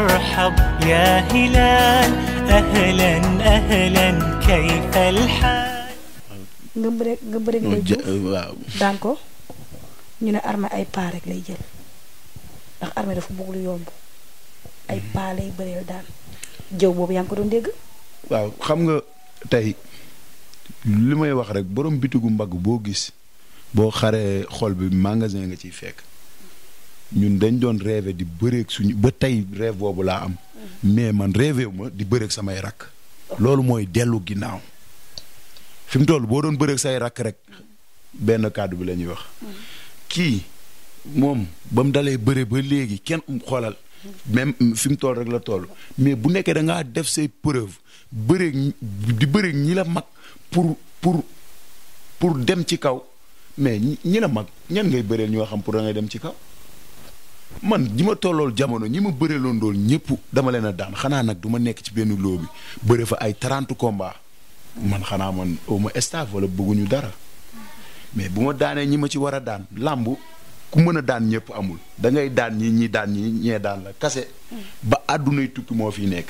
وارحب يا هلال أهلا أهلا كيف الحال nga bëre nga bëre lay waaw daan ko ñu ne armée ay paa rek lay jël ndax armée dafa bëgg lu yomb ay mm-hmm. paa lay bëreel daan jëw boobu yaa ngi ko doon dégg waaw xam nga tey lu may wax rek borom bitigu mbagg boo gis boo xaree xol bi magasin nga ciy fekk ñun dañ doon rêvé di bëreeg suñu ba tey rêve boobu laa am. mais man rêvé wu ma di bëreeg samay rakk. loolu mooy dellu ginnaaw. fi mu toll boo doon bëreeg say rakk rek benn kàddu bi la ñuy wax. kii moom ba mu dalee bëre ba léegi kenn um xoolal. même fi mu toll rek la toll mais bu nekkee da ngaa def say preuve bëreeg di bëreeg ñi la mag pour pour pour dem ci kaw mais ñi la mag ñan ngay bëreel ñoo xam pour da ngay dem ci kaw. man ñi ma tollool jamono ñi ma bëre loon dool ñëpp dama leen a daan xanaa nag du ma nekk ci benn loo bi bëre fa ay trente combat man xanaa man au ma staff wala bëgguñu dara mais bu ma daanee ñi ma ci war a daan làmb ku mën a daan ñëpp amul da ngay daan ñi ñi daan ñi ñee daan la kase ba àdduna àddunay tukki moo fi nekk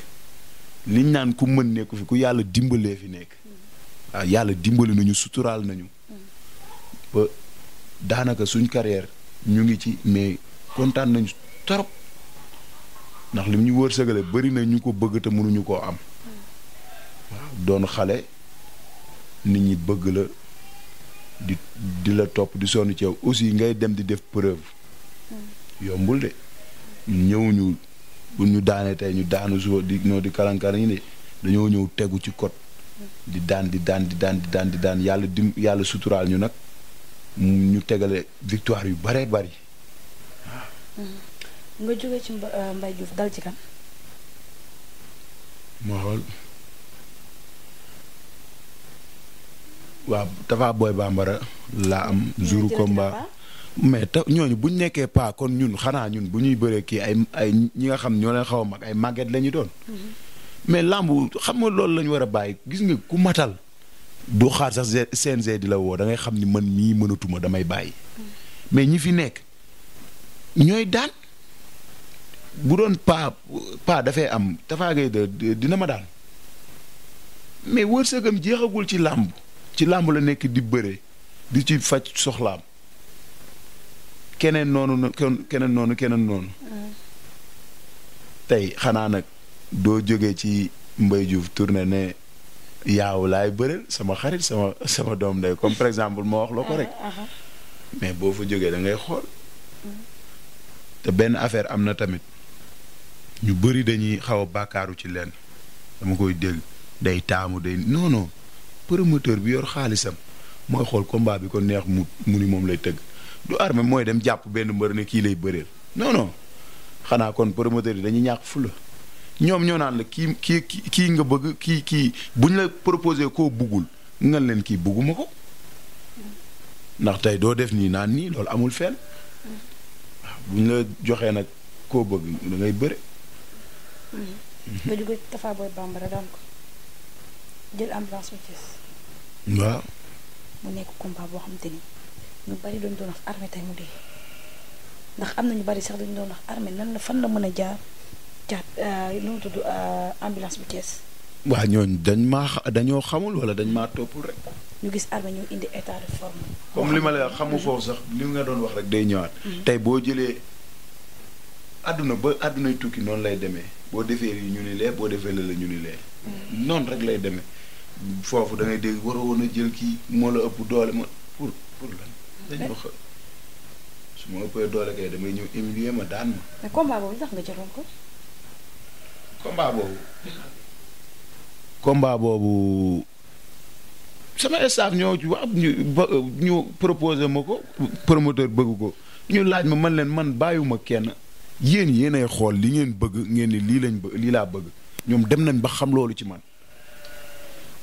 liñ naan ku mën nekku fi ku yàlla dimbalee fi nekk waaw yàlla dimbali nañu suturaal nañu ba daanaka suñ carrière ñu ngi ci mais kontaan nañu trop ndax lim ñu wërsëgale bëri na ñu ko bëgg te mënuñu koo am waaw doon xale nit ñi bëgg la di di la topp di sonn ci aussi ngay dem di def preuve yombul de ñëwuñu bu ñu daanee tey ñu daanu suba di noo di kalankaran yi de dañoo ñëw tegu ci kot di daan di daan di daan di daan yàlla dim yàlla suturaal ñu nag ñu tegale victoire yu bare bari nga jógee ci euh, Mbaye Diouf laa am. jour combat mais ta ñooñu bu ñu nekkee pas kon ñun xanaa ñun bu ñuy bëree kii ay ay ñi nga xam ñoo leen xaw a mag ay màgget la ñu doon. Mm-hmm. mais làmb xam nga loolu la war a bàyyi gis nga ku matal. doo xaar sax CNG di la woo da xam ni man mii mënatuma damay bàyyi. Mm-hmm. mais ñi fi nekk. ñooy daan bu doon paa paa dafay am Tapha Gueye dina ma daan mais wërsëgam jeexagul ci làmb ci làmb la nekk di bëre di ci faj soxlaam keneen noonu noonu keneen noonu tey xanaa nag doo jógee ci Mbaye Diouf tourné ne yaaw laay sama xarit sama sama doom day comme par exemple ma wax la ko rek ah, ah, ah. mais boo fa jógee da ngay xool mm. te benn affaire am na tamit ñu bëri dañuy xaw a bàkkaaru ci lenn dama koy del day taamu day non non promoteur bi yor xaalisam mooy xool combat bi ko neex mu mu ni moom lay tëgg du arme mooy dem jàpp benn mbër ne kii lay bëreel noonoo xanaa kon promoteur yi dañuy ñàkk fula ñoom ñoo naan la kii kii kii nga bëgg kii kii buñ la proposé koo buggul nga leen kii bugguma ko ndax tey doo def nii naan nii loolu amul fenn bu ñu la joxee nag koo bëgg da ngay bëre. Mm. nga jóge Tafa Boy Bambara daan ko jël ambulance bu Thiès. waaw. mu nekk combat boo xamante ni ñu bari dañu doon wax armée tey mu dee ndax am na ñu bari sax dañu doon wax armée nan la fan la mën a jaar jaar euh, nu mu tudd euh, ambulance bu Thiès. waa ñooñu dañ maa dañoo xamul wala dañ maa toppul rek. ñu gis armée ñu indi état de forme. comme li ma la xamu foofu sax li nga doon wax rek day ñëwaat. Mm-hmm. tey boo jëlee àdduna ba àddunay tukki noonu lay demee boo defee ñu ni lee boo defee la la ñu ni lee. Mm-hmm. noonu rek lay demee foofu da ngay dégg waroo a jël kii moo la ëpp doole ma pour pour lan. Mm-hmm. dañoo xë su ma ëppee doole kay damay ñëw humilier ma daan ma. mais combat boobu tax nga jëloon ko. combat boobu. sama staff ñoo ci wax ñu ñu proposé ma ko promoteur bëgg ko ñu laaj ma man leen man bàyyiwuma kenn yéen yéenay xool li ngeen bëgg ngeen ni lii lañ bëgg lii laa bëgg ñoom dem nañ ba xam loolu ci man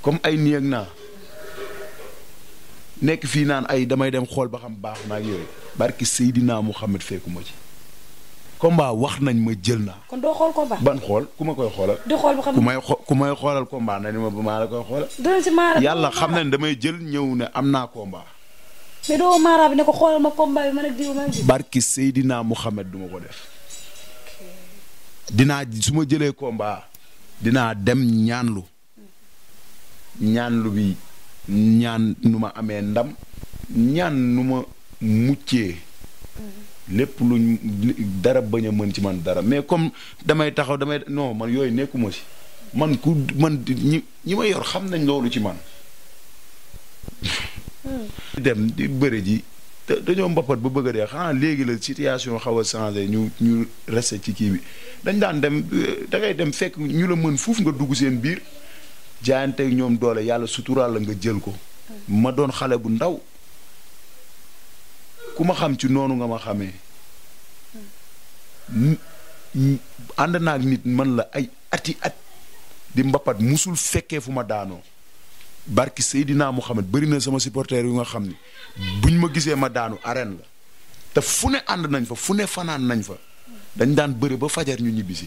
comme ay nii ak naa nekk fii naan ay damay dem xool ba xam baax na ak yooyu barki Seydina Mouhamed fekkuma ci combat wax nañ ma jël naa. kon doo xool combat. ku ma koy xoolal. di xool bu may ku may xoolal combat na ni ma ba maa la koy xoolal. dinañ si maara yàlla xam nañ damay jël ñëw ne am naa combat. mais doo maara bi ne ko xoolal ma combat bi man ak diw man ak diw. ma ko def. dinaa su ma jëlee combat dinaa dem ñaanlu ñaanlu bi ñaan nu ma amee ndam ñaan nu ma muccee. lépp luñ dara bañ a mën ci man dara mais comme damay taxaw damay non man yooyu nekkuma ci man ku man ñi ñi ma yor xam nañ loolu ci man. Hmm. dem di bëre ji dañoo mboppat ba bëgg dee xanaa léegi la situation xaw a changé ñu ñu resté ci kii bi dañ daan dem euh, da dem fekk ñu la mën fuuf nga dugg seen biir jaayante ñoom doole yàlla suturaal la nga jël ko. Hmm. ma doon xale bu ndaw. ku ma xam ci noonu nga ma xamee ànd naa nit man la ay ati at di mbapat musul fekkee fu ma daanoo barki Seydina Muhammad bëri na sama supporter yu nga xam ni buñ ma gisee ma daanu arène la te fu ne ànd nañ fa fu ne fanaan nañ fa dañ daan bëri ba fajar ñu ñibbisi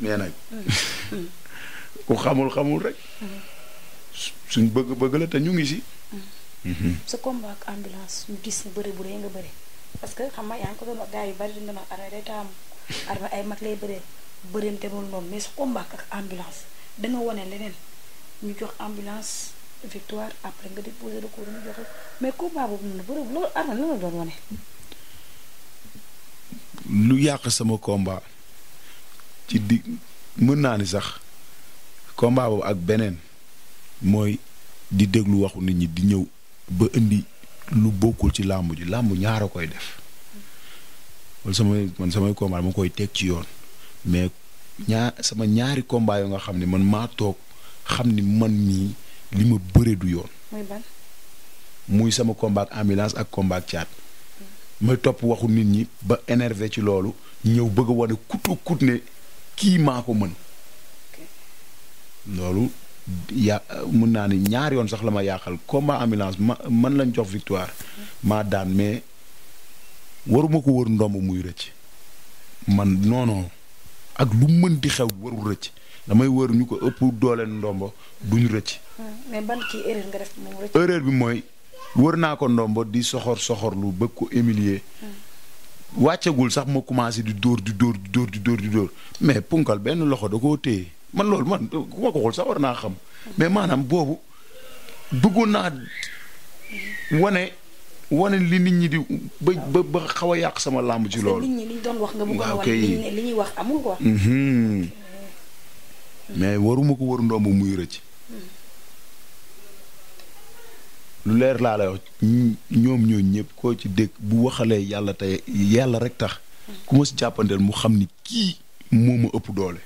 mais nag mm. ku xamul xamul rek suñ bëgg-bëgg la te ñu ngi si Mm-hmm. sa combat ak ambulance ñu gis ni bu rëy nga bëre parce que xam nga yaa ngi ko doon gars yu bari dañ doon armée day taamu armée ay mat lay bëree bëreem demul noonu mais sa combat ak ambulance da nga leneen ñu jox ambulance victoire après nga déposé recours ñu joxe mais combat boobu noonu bëre loolu armée la doon wane. lu yàq sama combat ci di mën naa ni sax combat boobu ak beneen mooy di déglu waxu nit ñi di ñëw. ba indi lu bokkul ci làmb ji làmb ñaara koy def wala samay man samay combat ma koy teg ci yoon mais ñaar sama ñaari combat yoo nga xam ni man maa toog xam ni man mii li ma bëre du yoon. muy sama combat ak ambulance ak combat ak caat. may topp waxu nit ñi ba énervé ci loolu ñëw bëgg a wane kut kut ne kii maa ko mën loolu. ya mun naa ne ñaar yoon sax la ma yaaxal combat ambulance ma man lañ jox victoire ma daan mais waruma ko wër ndomb muy rëcc man non ak lu di xew warul rëcc damay wër ñu ko ëpp doole ndombo duñu rëcc. mais ban bi mooy wër naa ko ndombo di soxor soxor lu bëgg ko humilier. Hmm. wàccagul sax ma commencé di dóor di dóor di dóor di dóor di dóor mais punkal benn loxo da koo téye. man loolu man ku ma ko xool sax naa xam mais maanaam boobu bëggoon naa wane wane li nit ñi di ba xaw a yàq sama làmb ci loolu. nit ñi liñ doon nga a wane li ñuy wax amul mhm. mais waruma ko war ndomb muy ci lu leer laa lay wax ñoom ñoo ñëpp koo ci dégg bu waxalee yàlla tey yàlla rek tax ku ma si jàppandeel mu xam ni kii moo ma ëpp doole.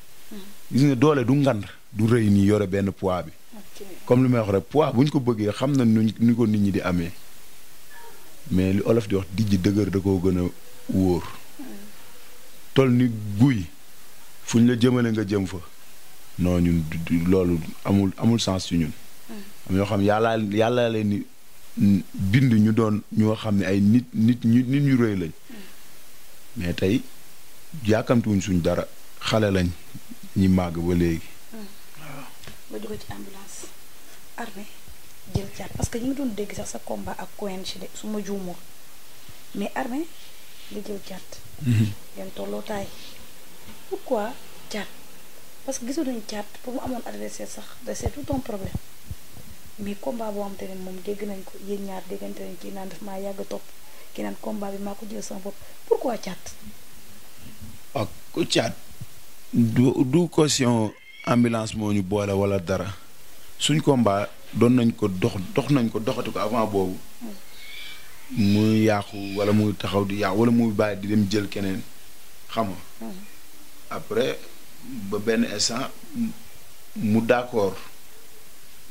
gis ne doole du ngand du rëy nii yore benn poids bi comme li may wax rek poids bu ñu ko bëggee xam na nuñ ni ko nit ñi di amee mais li olof di wax dijj dëgër da koo gën a wóor tol ni guy fu ñu la jëmale nga jëm fa non ñu loolu amul amul sens ci ñun hmm. am yoo xam yàllaa yàlla leen ni bind ñu doon ñoo xam ne ay nit nit ñu nit ñu rëy lañ hmm. mais tey yàkkamtiwuñ suñ dara xale lañ ñi màgg ba léegi. Hmm. waaw. ba jóge ci ambulance armée jël caat parce que ñu ngi doon dégg sax sa combat ak Quench de su ma juumoo mais armée nga jël caat. ngeen hmm. tolloo taay. quoi caat parce que gisoon nañ caat pour mu amoon adversaire sax da c'est tout problème mais combat boo xam te ne moom dégg nañ ko yéen ñaar déggante nañ kii naan daf maa yàgg topp kii naan combat bi maa ko jël sama bopp pourquoi caat. ak caat. du du caution ambulance moo ñu boole wala dara suñ combat doon nañ ko dox dox nañ ko doxati ko avant boobu mu yàqu wala muy taxaw di yàqu wala muy bàyyi di dem jël keneen xam nga après ba benn instant mu d'accord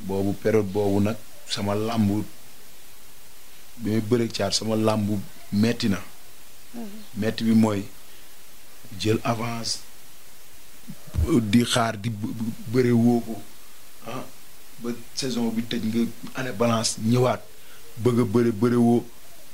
boobu période boobu nag sama làmbu bi may bëreeg caar sama làmbu metti na mm-hmm. metti bi mooy jël avance di xaar di bëre woo ko ah, ba saison bi tëj nga année balance ñëwaat bëgg a bëre bëre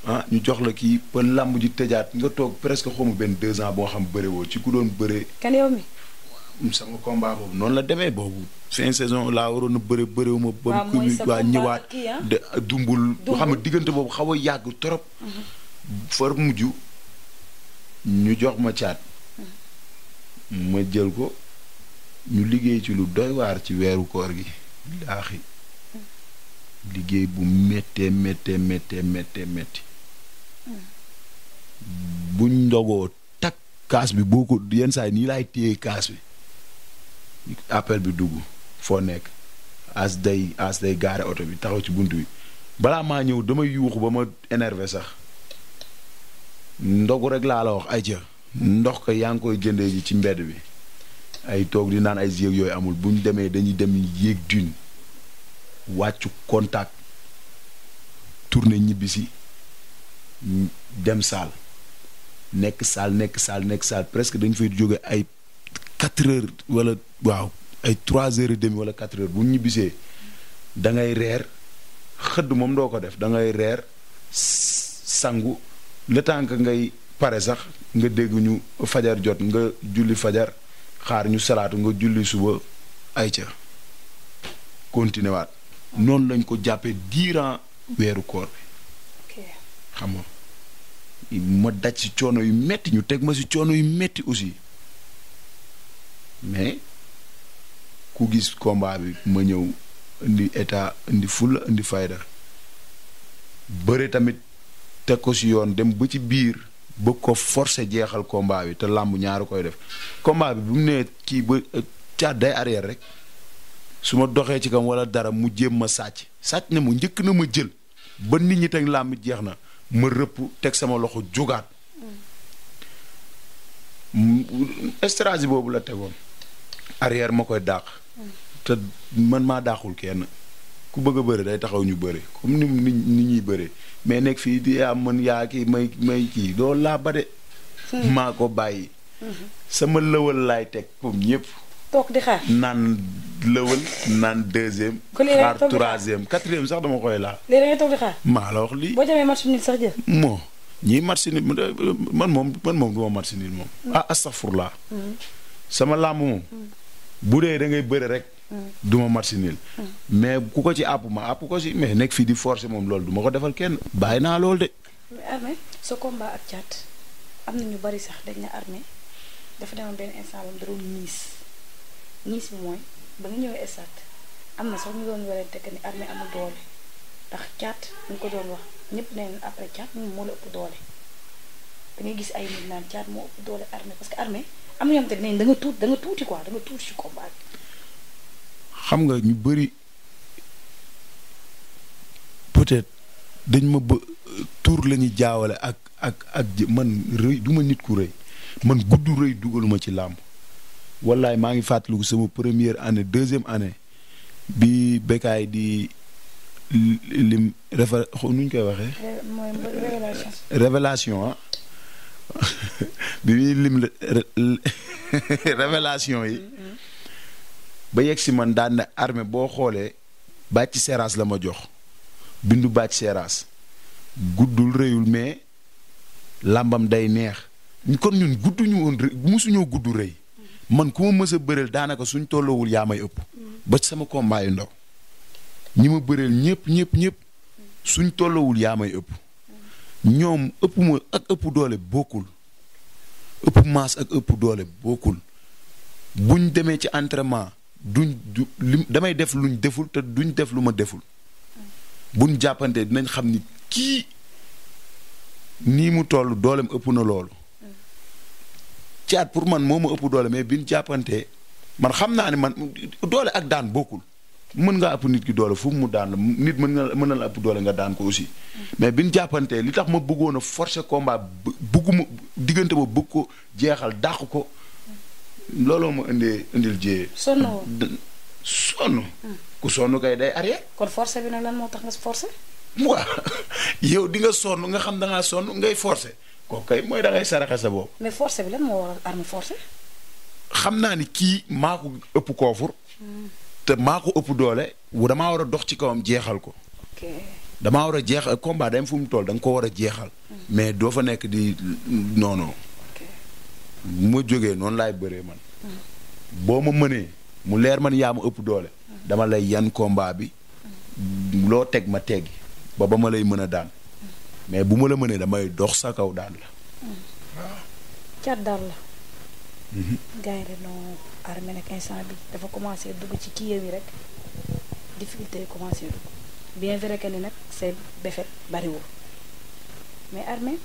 ah, ñu jox la kii ba làmb ji tëjaat nga toog presque xamu benn deux ans boo xam bëre ci ku doon bëre. kan boobu noonu la demee boobu fin saison laa waroon a bëre bëriwuma. ba waa ñëwaat ah? de dumbul. boo xam na diggante boobu xaw a yàgg trop. Mhm. far mujj ñu jox ma caat. ma jël ko ñu liggéey ci lu doy waar ci weeru koor gi laaxi liggéey bu méttee méttee méttee méttee buñ ndogoo takk kaas bi boo ko yenn saa yi nii laay téye kaas bi appel bi dugg foo nekk as day as day gaare oto bi taxaw ci bunt bi balaa maa ñëw damay yuuxu ba ma énervé sax ndogu rek laa la wax ay ca ndox ko yaa ngi koy jëndee ji ci mbedd bi ay toog di naan ay yéeg yooyu amul bu demee dañuy dem yéeg dune wàccu contact tourné ñibbisi dem saal nekk saal nekk saal nekk saal presque dañ fay jóge ay quatre heures wala waaw ay trois heures et demi wala quatre heures buñ ñibbisee da ngay reer xëdd moom doo ko def da ngay reer sangu le temps ngay pare sax nga dégg ñu fajar jot nga julli fajar xaar ñu salaatu nga julli suba ay ca continué noonu lañ ko jàppee durant weeru koor bi xam nga ma daj ci coono yu metti ñu teg ma ci coono yu metti aussi mais ku gis combat bi ma ñëw indi état indi fulla indi fayda bëre tamit teg ko ci yoon dem ba ci biir bëgg ko forcer jeexal combat bi te làmb ñaari koy def combat bi bu mu nee kii ba euh, caat day arrière rek su ma doxee ci kam wala dara mu jéem ma sàcc sàcc na mu njëkk na ma jël ba nit ñi teg làmb jeex na ma rëpp teg sama loxo jugaat mm. mm, stratégie boobu la tegoon arrière ma koy dàq te man maa dàqul kenn ku bëgg a bëre day taxaw ñu bëre comme ni nit ñuy bëree mais nekk fii di yaa mën yaa kii may may kii doo laa ba de hmm. maa ko bàyyi hmm. sama lëwal laay teg pour ñëpp toog di xaar naan lëwal naan deuxième. xaar troisième sax dama koy laal. léegi da ngay toog di xaar. maa la lii. boo demee match nul sax jël. moo ñii match nul man moom man moom du ma match nul moom. Hmm. ah astafurlaa. sama làmb moom. bu dee da ngay bëre rek. du ma match nul mais ku ko ci àpp ma àpp ko si mais nekk fii di forcer moom loolu du ma ko defal kenn bàyyi naa loolu de. mais Armé combat ak Thiat am na ñu bari sax dañ na Armé dafa demoon benn instant ba mu doon niis niis bi mooy ba nga ñëwee am na sax ñu doon werante que ni Armé amul doole ndax Thiat ñu ko doon wax ñëpp nee nañ après Thiat moo ëpp doole da gis ay nit naan Thiat moo ëpp doole Armé parce que Armé am na ñoom te ne da nga tuuti da nga tuuti quoi da nga tuuti ci combat xam nga ñu bëri peut-être dañ ma ba tour la ñuy jaawale ak ak ak man rëy du ma nit ku rëy man gudd rëy dugaluma ci làmb wallaay maa ngi fàttaliku sama première année deuxième année bi Bécaye di lim réfé nuñ koy waxee. révélation révélation ah. bi muy lim révélation yi. Mm-hmm. ba yegg si man daan na armée boo xoolee bàcc seeraas la ma jox bindu bàcc seeraas guddul rëyul mais làmbam day neex kon ñun gudduñu woon musuñoo gudd rëy man ku ma mës a bëreel daanaka suñ tolloowul yaa may ëpp ba sama kombaayu yu ndaw ñi ma bëreel ñëpp ñëpp ñëpp suñ tollowul yaa may ëpp ñoom ëpp ma ak ëpp doole bokkul ëpp maas ak ëpp doole bokkul buñ demee ci entrement duñ du li damay def luñ deful te duñ def lu ma deful buñ jàppantee dinañ xam ni kii nii mu toll doolem ëpp na loolu caat pour man moo ma ëpp doole mais biñ jàppante man xam naa ne man doole ak daan bokkul mën ngaa ëpp nit ki doole fu mu daan la nit mën nga mën na la ëpp doole nga daan ko aussi mais biñ jàppante li tax ma bëggoon a forcer combat bëgguma diggante boobu bëgg ko jeexal dàq ko looloo ma indee indil jiyee. sonn woon hmm. sonn. kay day arrière. kon force bi nag lan moo tax nga forcé. waaw yow di nga sonn nga xam da ngaa ngay forcé kooku kay mooy da ngay saraxe sa bopp. mais forcé bi lan moo waral arme forcé. xam naa ni kii maa ëpp koofur. Hmm. te maa ko ëpp doole. wu damaa war a dox ci kawam jeexal ko. ok damaa war a jeexal combat dem fu mu tool danga ko war a jeexal. Hmm. mais doo fa nekk di non bu ma jógee noonu laay bëree man boo ma mënee mu leer man yaa ma ëpp doole dama lay yan komba bi loo teg ma teggi ba ba ma lay mën a daan mais bu ma la mënee damay dox sa kaw daan la waaw daan la mhm. gaynde noo armée nag instant bi dafa commencé dugg ci kii yi rek difficulté yi commencé dugg bien vrai que ni nag say befet bariwul mais armée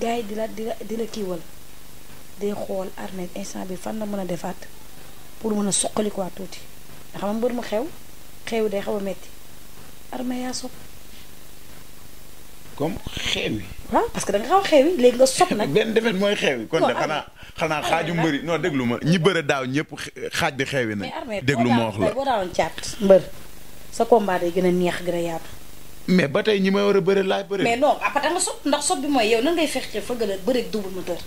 gars di la di la di la kiiwal de xool armée instant bi fan la mën a defaat pour mën a suqalikuwaat tuuti nga xam mbër mu xew xew day xaw a metti armée yaa sopp comme yi waaw parce que da nga xaw a xewi léegi nga sopp nag. benn defet mooy yi kon de xanaa xanaa xaaju mbëri non déglu ma ñi bëre daaw ñëpp xaaj bi xewi na. déglu ma wax la boo daawoon caat mbër sa combat day gën neex gën a yaatu. mais ba tey ñi may war a bëre laa bëre. mais non après da nga sopp ndax sopp bi mooy yow nan ngay fexe fëgg la bëre double moteur.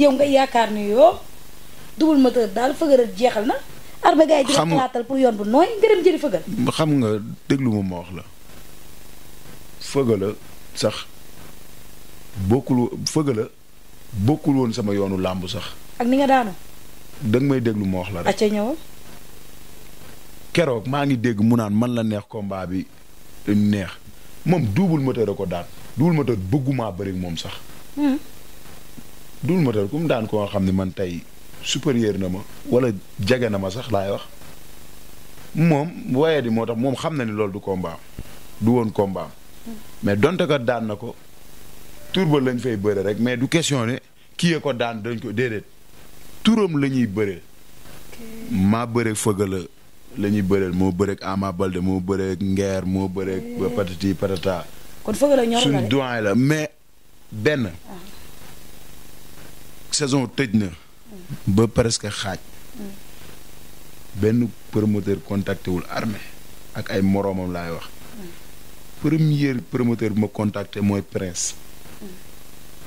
yow nga yaakaar ni yoo double moteur daal fëgëral jeexal na. arba gars yi di xalaatal pour yoon bu nooy nga dem jëri fëgal. xam nga déglu ma ma wax la fëgala sax bokkul fëgala bokkul woon sama yoonu làmb sax. ak ni nga daanu. danga may déglu ma wax la rek. acca ñëwal. keroog maa ngi dégg mu naan man la neex combat bi neex moom double moteur a ko daan double moteur bëgguma bëri moom sax. Hmm. Double Moteur ku mu daan koo xam ne man tey supérieur na ma wala jege na ma sax laay wax moom waaye di moo tax moom xam na ni loolu du combat du woon combat mais donte ko daan na ko tur ba lañ fay bëre rek mais du question ne ko daan dañ ko déedéet turam la ñuy bëree maa bëreeg fëgala la ñuy bëreel moo bëreeg Ama Balde moo bëreeg Nguer moo bëreeg patati patata kon fëgala ñor na suñ doyen la mais benn ah. saison tëj na. ba presque xaaj. benn promoteur contacté wul armée ak ay moroomam laay wax. premier promoteur bi ma contacté mooy prince.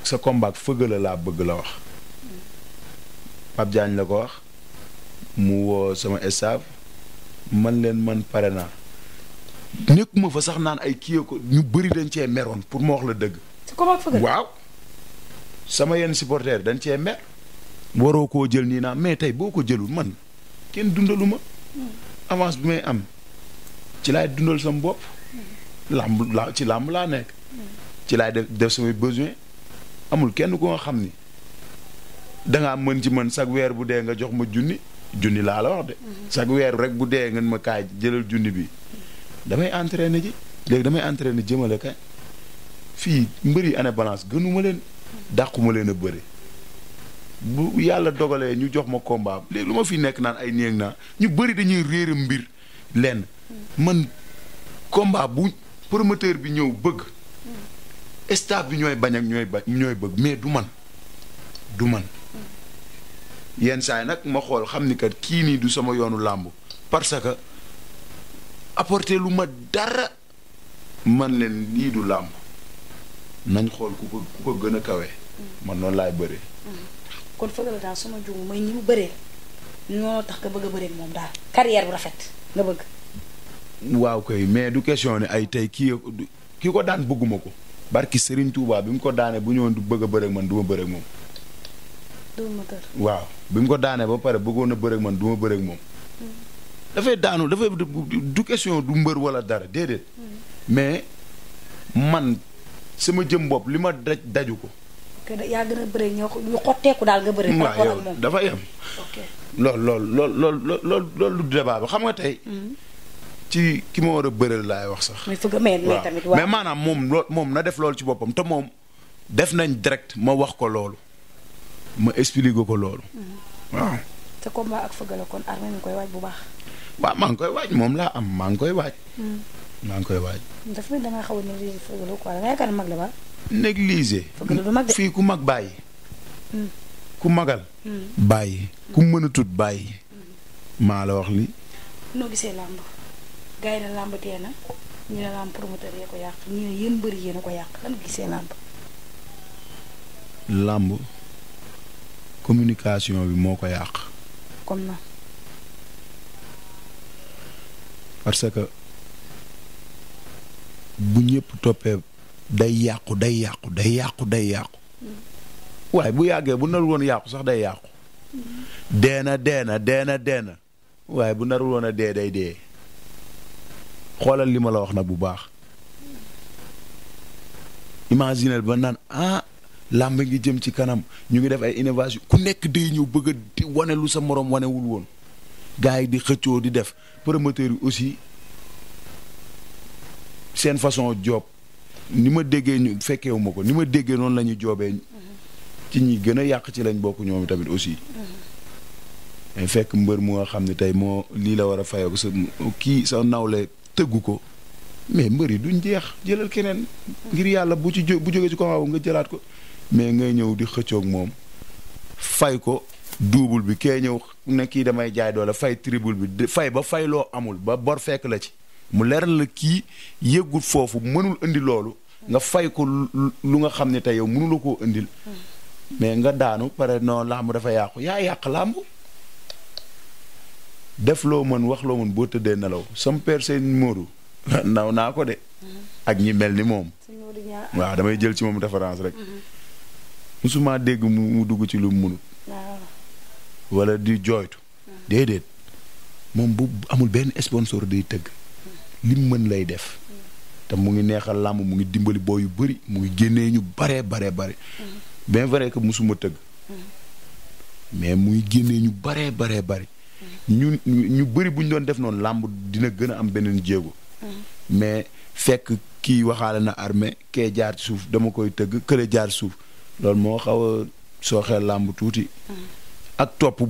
sa combat fëgg la laa bëgg la wax. Pape Diagne la ko wax. mu woo sama staff man leen man pare naa nekkuma fa sax naan ay kii ko ñu bëri dañ cee meroon pour ma wax la dëgg. waaw. sama yenn supporters dañ cee mer waroo koo jël nii naa mais tey boo ko jëlul man kenn dundalu ma avance bi may am ci laay dundal sama bopp làmb la ci làmb laa nekk ci laay def def samay besoin amul kenn ku xam ni dangaa mën ci mën chaque weer bu dee nga jox ma junni junni laa la wax de chaque weer rek bu dee ngeen ma kaay jëlal junni bi damay entraîner ji léegi damay entre na jëmale kañ fii mbëri année balance gënuma leen dàquma leen a bëre bu yàlla dogalee ñu jox ma combat léegi lu ma fi nekk naan ay néeg naa ñu bëri dañuy réer mbir leen man combat bu promoteur bi ñëw bëgg staff bi ñooy bañ ak ñooy bañ ñooy bëgg mais du man du man yenn saa yi nag ma xool xam ni kat kii nii du sama yoonu làmb parce que apporter lu ma dara man leen lii du làmb nañ xool ku ko ku ko gën a kawe. Mm. man noonu laay bëree. Mm. kon Feugeula daal sama juum may ñi mu bëree ñoo tax nga bëgg a bëree moom daal rafet waaw kay mais du question ne ay tey kii ki ko daan bëgguma ko barki Serigne Touba bi mu ko daanee bu ñëwoon du bëgg a bëreeg man du ma bëreeg waaw bi mu ko daanee ba pare bëggoon a bëreeg man du ma bëreeg moom. Mm. dafay daanu dafay du question du mbër wala dara déedéet. mais man. sama jëm bopp li ma daj daju ko. yaa gën a bëri ñoo ko ñu xotteeku daal nga bëri. waaw yow dafa yem. ok lool lool lool lool lool loolu du débat xam nga tey. Mm-hmm. ci ki ma war a bëreel laay wax sax. mais fëgg mais tamit waaw mais maanaam moom moom na def loolu ci boppam te moom def nañ direct ma wax ko loolu ma expliqué ko loolu. Mm-hmm. waaw. la kon Armé mi baax. waaw maa ngi koy waaj moom laa am maa ngi koy waaj. Mm-hmm. maa ngi koy waaj. daf mel da xaw a négligé Feugeuleu quoi da ngaa yaakaar mag la ba. négligé. fii ku mag bàyyi. Hmm. ku magal. Hmm. bàyyi ku mën a tut bàyyi. Hmm. maa la wax li noo gisee làmb gars làmb tee na ne làmb promoteur yee ko yàq ñu ne yéen bëri yéen a ko yàq lan gisee làmb. làmb communication bi moo ko yàq. comme na bu ñëpp toppee day yàqu day yàqu day yàqu day yàqu waaye bu yàggee bu narul woon yàqu sax day yàqu deena deena deena deena waaye bu narul woon a dee day dee xoolal li ma la wax na bu baax imaginel ba nan ah làmb ngi jëm ci kanam ñu ngi def ay innovation ku nekk day ñëw bëgg a wane lu sa moroom wanewul woon gars yi di xëccoo di def promoteur yi aussi seen façon joob ni ma déggee ñu fekkeewu ma ko ni ma déggee noonu la ñu joobee ci ñi gën a yàq ci lañ bokk ñoom tamit aussi mais fekk mbër mu nga xam ne tey moo lii la war a fayoo sa kii sa nawle tëggu ko mais mbër yi duñ jeex jëlal keneen ngir yàlla bu ci bu jógee ci ko xaw nga jëlaat ko mais ngay ñëw di xëccoog moom fay ko duubul bi kee ñëw ne kii damay jaay doole fay tribul bi fay ba fay loo amul ba bor fekk la ci mu leeral la kii yëggut foofu mënul indi loolu nga fay ko lu nga xam ne tey yow mënula koo indil mais nga daanu pare noonu mu dafa yàqu yaa yàq làmb def loo mën wax loo mën boo tëddee nelaw sam père seen Modou naw naa ko de ak ñi mel ni moom waa damay jël ci moom référence rek mm-hmm. musuma dégg mu dugg ci lu mënut wala di jooytu mm. déedéet moom bu amul benn sponsor day tëgg lim mën lay def. te mu ngi neexal làmb mu ngi dimbali boo yu bëri mu ngi génnee ñu baree baree bare mm-hmm. bien vrai que musuma tëgg. Mm-hmm. mais mu ngi génnee ñu baree baree mm-hmm. bari. ñu ñu bëri bu ñu doon def noonu làmb dina gën a am beneen jéego. mais fekk kii waxaale na armée kee jaar suuf dama koy tëgg kële jaar suuf loolu moo xaw a sooxee làmb tuuti. ak topp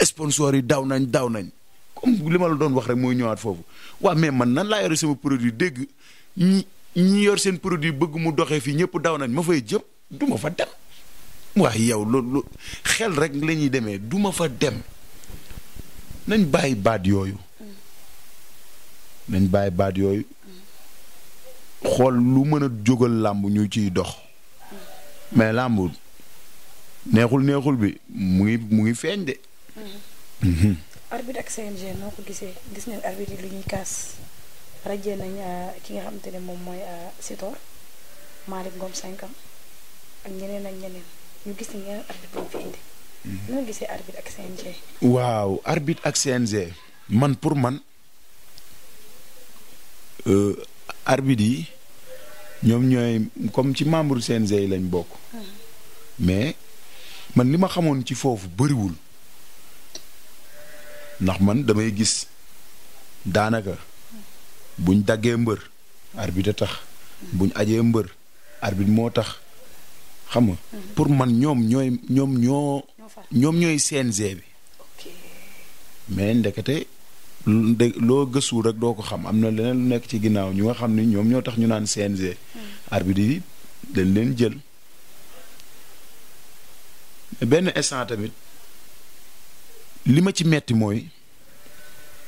sponsor yi daw nañ daw nañ comme li ma la doon wax rek mooy ñëwaat foofu. waaw mais man nan laa yore sama produit dégg ñi ñi yor seen produit bëgg mu doxee fii ñëpp daw nañ ma fay jëm duma fa dem waaye yow loolu rek la ñuy demee duma fa dem nañ bàyyi baat yooyu nañ bàyyi baat yooyu xool lu mën a jógal làmb ñu ci dox mais làmb neexul neexul bi mu mu ngi feeñ de. Mm-hmm. Mm-hmm. arbitre ak CNG noo ko gisee gis ngeen arbitre yi lu ñuy kaas rajee nañ euh, ki nga xamante ne moom mooy euh, Sitor Malick Ngom Sankam ak ñeneen ak ñeneen ñu gis ni yeneen arbitre bu fi indi. Mhm. noo gisee arbitre ak CNG. waaw arbitre ak CNG man pour man euh, arbitre yi ñoom ñooy comme ci membre CNG yi lañ bokk. Mhm. mais man li ma xamoon ci foofu bariwul ndax man damay gis daanaka buñ daggee mbër arbitre tax buñ ajee mbër arbitre moo tax xam nga mhm. pour man ñoom ñooy ñoom ñoo ñoom ñooy CNG bi mais ndekete loo gëstu rek doo ko xam am na leneen lu nekk ci ginnaaw ñu nga xam ni ñoom ñoo tax ñu naan CNG mhm. arbitre yi dañ leen jël benn instant tamit li ma ci metti mooy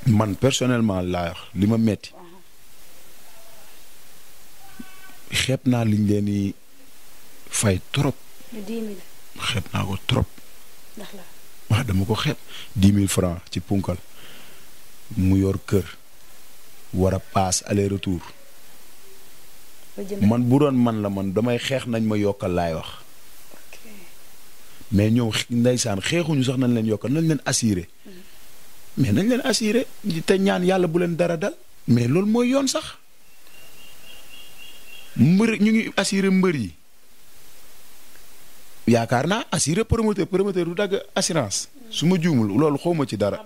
man personnellement laa li ma metti xeeb naa liñ leen di fay trop. xeeb naa ko trop. ndax dama ko xeeb dix mille francs ci punkal mu yor kër war a paas aller retour. man bu doon man la man damay xeex nañ ma yokkal laay wax. mais ñoom ndeysaan xeexuñu sax nañ leen yokk nañ leen assuré mais nañ leen assuré te ñaan yàlla bu leen dara dal mais loolu mooy yoon sax mbër ñu ngi assuré mbër yi yaakaar naa assuré promoteur promoteur bu dagg assurance. su ma juumul loolu xaw ma ci dara.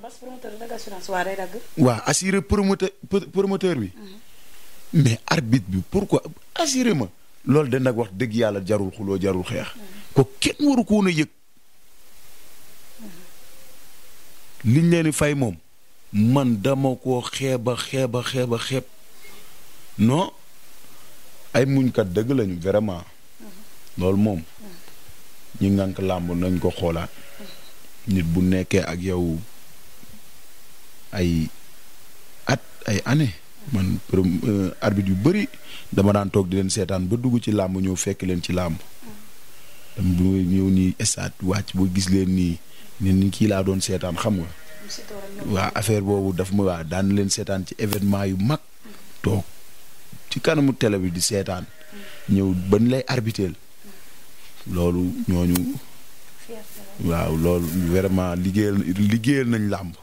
waaw ah, assuré promoteur promoteur bi. Mhm. mais arbitre bi pour ko assuré ma. loolu de nag wax dëgg yàlla jarul xuloo jarul xeex. Mhm. ko kenn waru ko a yëg liñ leen di fay moom man dama ko xeeba xeeba xeeba xeeb non ay muñkat dëgg lañu vraiment loolu moom ñi ngànk làmb nañ ko xoolaat nit bu nekkee ak yow ay at ay année man euh, arbit yu bari dama daan toog di leen seetaan ba dugg ci làmb ñëw fekk leen ci làmb dama ñëw nii stade wàcc boo gis leen nii ne ni kii laa doon seetaan xam nga. waa affaire boobu daf ma waa daan leen seetaan ci événement yu mag. toog ci kanamu télé bi di seetaan. ñëw ban lay arbiteel loolu ñooñu. waaw loolu vraiment liggéeyal liggéeyal nañ làmb.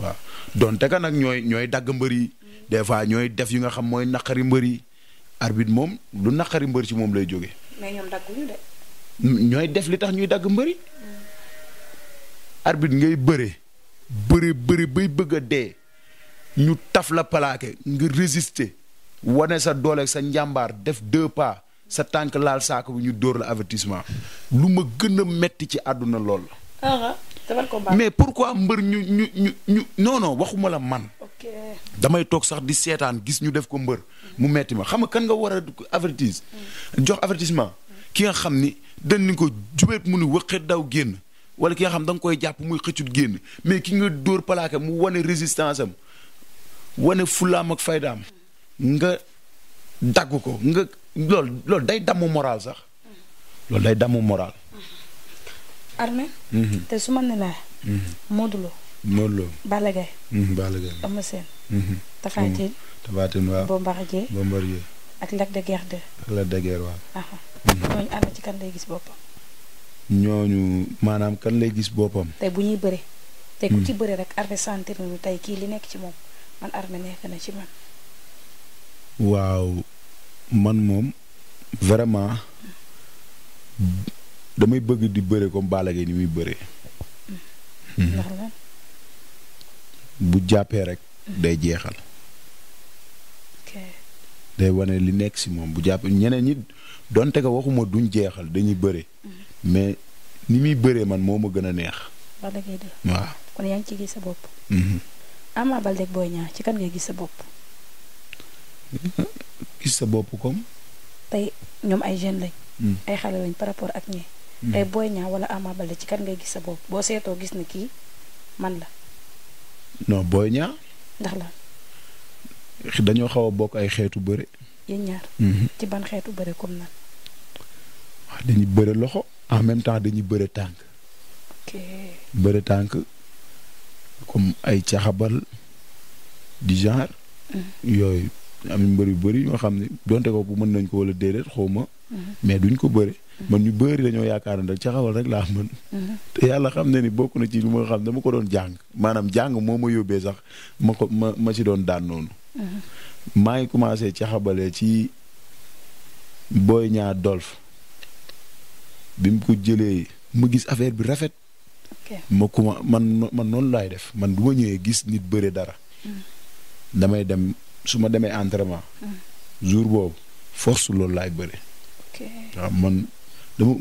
waaw donte ka nag ñooy ñooy dagg mbër yi. des fois ñooy def yi nga xam mooy naqari mbër yi. moom lu naqari mbër ci moom lay jóge ñooy def li tax ñuy dagg mbëri arbitre ngay bëre bëri bëri bay bëgg a dee ñu taf la palaake nga résister wane sa doole sa njàmbaar def deux pas sa tànk laal saako bu ñu dóor la avertissement lu ma gën a metti ci àdduna lool la ah, ah, mais pourquoi mbër ñu ñu ñu ñu non waxuma la man damay toog sax di seetaan gis ñu def ko mbër mu metti ma xam nga kan nga war a avertise mm. jox avertissement ki nga xam ni dañ ni ko jubeet mu ni wëqet daw génn wala ki nga xam da nga koy jàpp muy xëccut génn mais ki nga dóor palaaka mu wane résistance am wane fulaam ak faydaam nga dagg ko nga loolu loolu day dammu moral sax loolu day dammu moral. Armé. Mhm. te su ma ne laa. Mhm. Modou Lo. Modou Lo. Balla Gaye. ak Lac de Guiers de ñooñu ànd ci kan lay gis boppam. ñooñu maanaam kan lay gis boppam. te bu ñuy bëre. tey ku hmm. ci bëre rek Armé sentir nañu tey kii li nekk ci moom man Armé nekk na ci man. waaw man moom vraiment damay bëgg di bëre comme Balla Gaye ni muy bëree. Hmm. Hmm. bu jàppee rek. day jeexal. day wane li nekk ci moom bu jàpp ñeneen ñi donte que waxuma duñ jeexal dañuy bëre. Mm-hmm. mais ni muy bëree man moo ma gën a neex. Balla Gaye de. waaw kon yaa ngi ciy gis sa bopp. Mm-hmm. Ama Baldé ci kan ngay gis sa bopp. gis sa bopp comme. tey ñoom ay jeunes lañ. Mm. ay xale lañ par rapport ak ñi. Mm-hmm. tey Boy Niang wala Ama Baldé ci kan ngay gis sa bopp boo seetoo gis na kii man la. non Boy Niang. ndax la. dañoo xaw a bokk ay xeetu bëre. ñaar. ci ban xeetu bëre comme nan. waaw ah, dañuy bëre loxo en ah. même temps dañuy bëre tànk. ok bëre comme ay caxabal di genre. Mm. yooyu am mbër yu bëri ñoo xam ne donte ko bu mën nañ ko wala déedéet xaw ma. Mm-hmm. mais duñ ko bëre. Mm-hmm. man ñu bëri dañoo yaakaar ne caxabal rek laa mën. Mm-hmm. te yàlla ni bokk na ci lu ma xam dama ko doon jàng maanaam jàng moo ma yóbbee sax ma ko ma ma si doon daan noonu. ngi commencé caxabalee ci Boy Niang Dolf. bi mu ko jëlee ma gis affaire bi rafet. ma kuma man man noonu laay def man du ma ñëwee gis nit bëre dara. Mm. damay dem su ma demee entraînement. Mm. jour boobu force loolu laay bëre. waaw man dama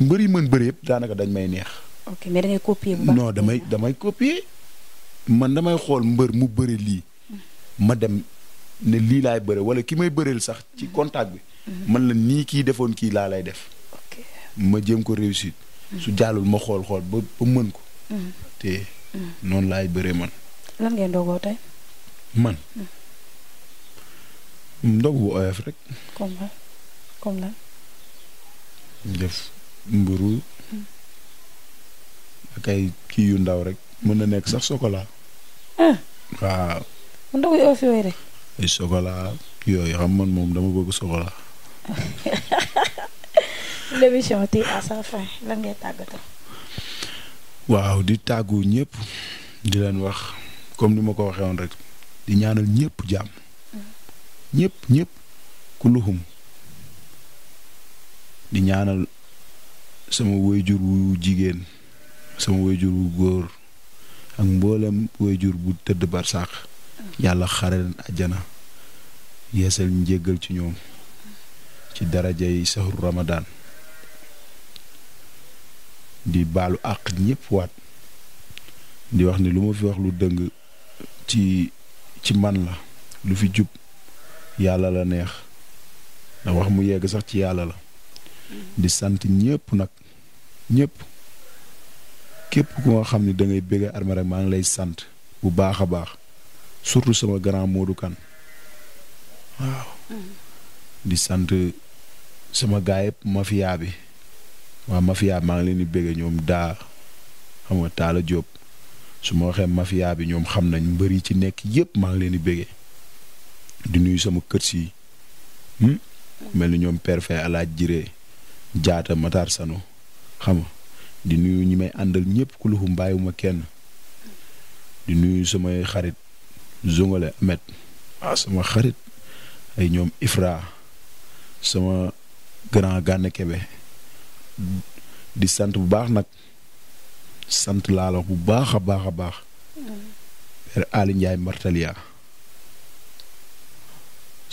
mbër yi mën bëre yëpp daanaka dañ may neex. ok mais da ngay damay damay copier man damay xool mbër mu bëre lii. Mm. ma dem ne lii laay bëre wala ki may bëreel sax ci contact bi. man la nii kii defoon kii laa lay def. ma jéem ko réussite mm. su jàllul ma xool xool ba ba mën ko mm. te mm. noonu laay bëree man lan ngeen dogoo tey man ndog bu oyof rek mburu ak kii yu ndaw rek mën na nekk sax sokolaa ah. waaw ndogu oyof yooyu rek ay yooyu xam man moom dama bëgg chocolat l'émission tire waaw di tàggu ñépp di leen wax comme ni ma ko waxee woon rek di ñaanal ñëpp jàmm. Mm-hmm. ñépp ñëpp kulluhum di ñaanal sama wayjur wu jigéen sama jur wu góor ak mboolem jur bu tëdd barsàq mm-hmm. yàlla xare leen àjjana yeesal njéggal ci ñoom ci darajay sahru ramadaan di baalu àq ñépp waat di wax ni lu ma fi wax lu dëng ci ci man la lu fi jub yàlla la neex ndax wax mu yegg sax ci yàlla la di sant ñëpp nag ñëpp képp ku nga xam ne da ngay bëgg Armé maa ngi lay sant bu baax a baax surtout sama grand Modou Kane mm. di sant sama gaay yëpp mafia bi waa mafia maa ngi leen di béggee ñoom daa xam nga Talla Diop su ma waxee mafia bi ñoom xam nañ mbër yi ci nekk yëpp maa ngi leen di béggee di nuyu sama kër si hmm? mel ni ñoom perfet alaaj jiree jaata Matar Sano xam nga di nuyu ñi may àndal ñëpp ku luxu bàyyiwuma kenn di nuyu samay xarit Zongale Ahmed ah sama xarit ay ñoom Ifra sama grand Gana Kebe di sant bu baax nag sant laa bu baax a baax a baax. père Ali Ndiaye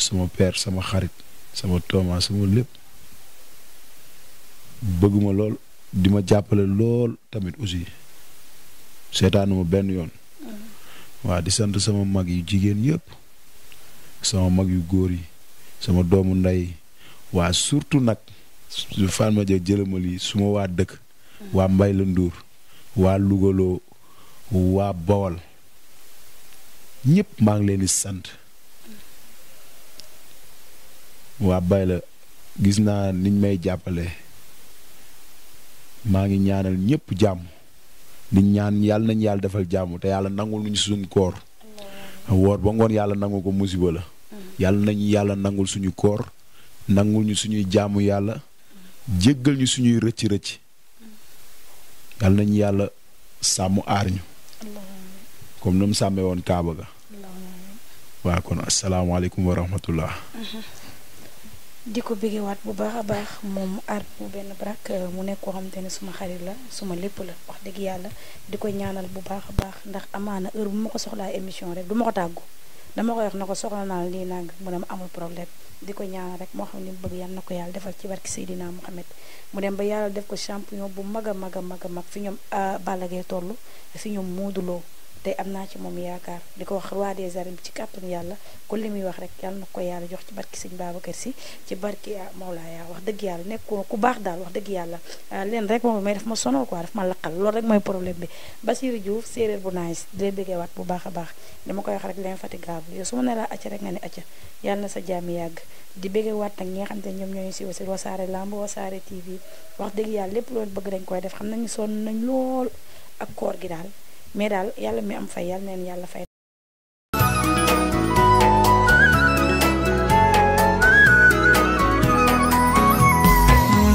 sama père sama xarit sama tooma sama lépp bëgguma lool di ma jàppale lool tamit aussi seetaanuma benn yoon. waa di sant sama mag yu jigéen yépp sama mag yu góor yi sama doomu ndey waa surtout nag. su Fatma Dia jëlamal yi su waa dëkk waa mbay la nduur waa lugaloo waa bawol ñëpp maa ngi leen di sant waa bay la gis naa niñ may jàppale maa ngi ñaanal ñëpp jàmm di ñaan yàlla nañ yàlla defal jàmm te yàlla nangul ñu suñu koor woor ba ngoon yàlla nangu ko musiba la mm. yàlla nangul suñu koor nangul suñuy jàmm yàlla jéggal ñu suñuy rëcc rëcc yal nañu yàlla sàmm aar ñu comme nu mu sàmmee woon Kaaba ga waa kon asalaamaaleykum wa rahmatullah di ko bëggewaat bu baax a baax moom aar bu benn barak mu nekk koo xamante ne suma xarit la suma lépp la wax dëgg yàlla di ko ñaanal bu baax a baax ndax amaana heure bu ma ko soxlaa émission rek du ma ko tàggu dama koy wax na ko soxla naa lii nag mu ne ma amul problème di ko ñaan rek moo xam ne mu bëgg yàlla na ko yàlla defal ci barki Seydina Mohamed mu mu dem ba yàlla def ko champion bu mag a mag a mag a fi ñoom ah, Balla Gaye toll fi ñoom Modou tey am naa ci moom yaakaar di ko wax roi des arènes ci kàttan yàlla kon li muy wax rek yàlla na ko yàlla jox ci barki sëñ Babacar si ci barki ah, Mawlaaya wax dëgg yàlla nekk ku baax daal wax dëgg yàlla ah, leen rek moom may daf ma sonal quoi daf ma laqal loolu rek mooy problème bi Basirou Diouf séeréer bu naagis di bëggee waat bu baax a baax dama koy wax rek l'infatigable yow su ma ne laa acca rek nga ne acca yàlla na sa jaam yàgg di bëggee wat nag ñi nga xam te ñoom ñooñu si wasi wasaare lamb wasaare TV wax dëgg yàlla lépp loolu bëgg dañ koy def xam nañu sonn nañ lool ak koor gi daal mais daal yàlla mi am fay yàlla neen yàlla fay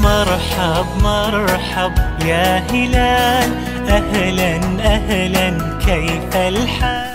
مرحب مرحب يا هلال أهلا أهلا كيف الحال